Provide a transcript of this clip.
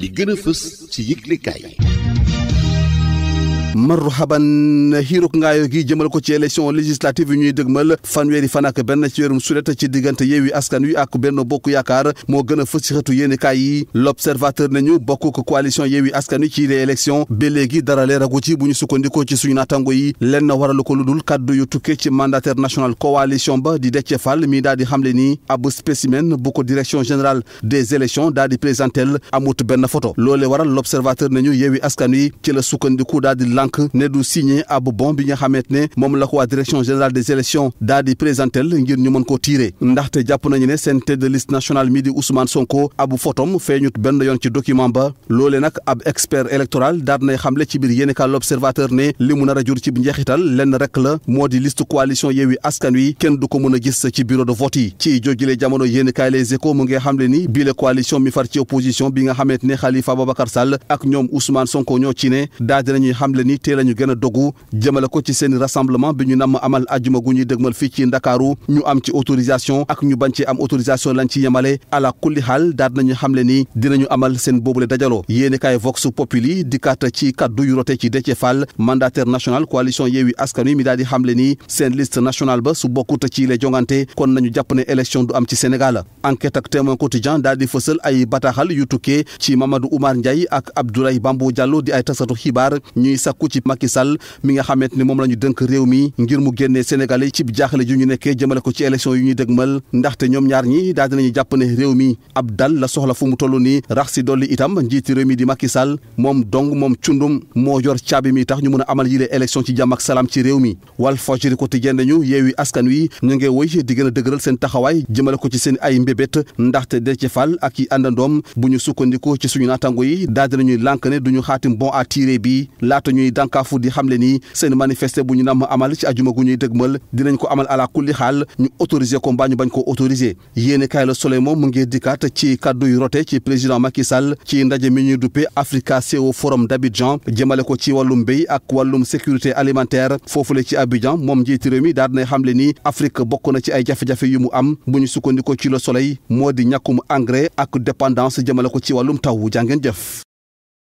li gën a fës ci yëglekaay marhaban xiiruk ngaayo gi jëmal ko ci élection législative yi ñuy dëgmal fanweeri fan ak benn ci weerum sulet ci diggante Yewwi Askan Wi ak Benno Bokk Yaakaar moo gën a fës ci xëtu yéenekaay yi L'Observateur nañu bokk ko coalition Yewwi Askan Wi ci les élections ba léegi dara leeragu ci bu ñu sukkandikoo ci suñu naatango yi lenn waralu ko lu dul kàddu yu tukkee ci mandataire national coalition ba di Déthié Fall mi daal di xamle ni ab spécimen bu ko direction générale des élections daal di présentel amut benn photo loole waral L'Observateur nañu Yewwi Askan Wi la sukkandiku daal lànk ne du signé ab bon bi nga xamante ne moom la ko waa direction générale des élections daal di présentel tiire ndaxte jàpp nañu ne seen de liste nationale mi di Sonko abu fotom feeñut benn yoon ci document ba loole nag ab expert électoral daal nay xamle ci biir yéeni kaal l'observateur ne li a jur ci njeexital lenn rek la moo di liste coalition kenn du ko mën a gis ci bureau de vote ci joojule jamono yéeni kaay les échos ni teel a ñu gën a dogu jëmale ko ci seen rassemblement bi ñu namm amal ajuma gu ñuy dëgmal fii ci ndakaaru ñu am ci autorisation ak ñu bañ ci am autorisation lañ ci yemale ala kulli xaal daal nañu xamle ni dinañu amal seen boobule dajaloo yéenekaay Vox Populi dikkaat ci kaddu yu rote ci Déthié Fall mandataire national coalition Yewwi Askan Wi mi ni seen liste nationale ba su bokkut ci les jongante kon nañu jàpp ne élection du am ci Sénégal enquête ak yu tukkee ci Mamadou Oumar Ndiaye ak Abdoulaye Bambou Diallo sàkku ci Macky Sall mi nga xamante ni moom la ñu dënk réew mi ngir mu génnee Sénégal yi ci jaaxle ju ñu nekkee jëmale ko ci élection yu ñuy dëgmal ndaxte ñoom ñaar ñi daal dinañu jàpp ne réew mi ab dal la soxla fu mu toll nii rax si dolli itam njiiti réew mi di Macky Sall moom dong moom cundum moo yor caabi mi tax ñu mën a amal yile élection ci jàmm ak salaam ci réew mi Walf Fadjri Quotidien nañu yeewi askan wi ñu ngi woy di gën a dëgëral seen taxawaay jëmale ko ci seen ay mbébét ndaxte Déthié Fall ak yi àndandoom bu ñu sukkandikoo ci suñu naatango yi daal dinañuy lànk ne duñu ñuy dànkaafu di xamle ni seen manifester bu ñu namm amal ci ajuma gu ñuy dëgmal dinañ ko amal ala kulli xaal ñu autoriser ko mbaa ñu bañ ko autoriser yéen kaay la Soleil moom mu ngi dikkaat ci kàddu rote ci président Macky Sall ci ndaje mi ñuy duppe Africa CEO Forum d'Abidjan jëmale ko ci wàllum mbéy ak wàllum sécurité alimentaire foofule ci Abidjan moom njiiti réew mi daal dinay xamle ni Afrique bokk na ci ay jafe-jafe yu mu am bu ñu sukkandikoo ci le Soleil moo di ñàkkum engrais ak dépendance jëmale ko ci wàllum taw jàngeen jëf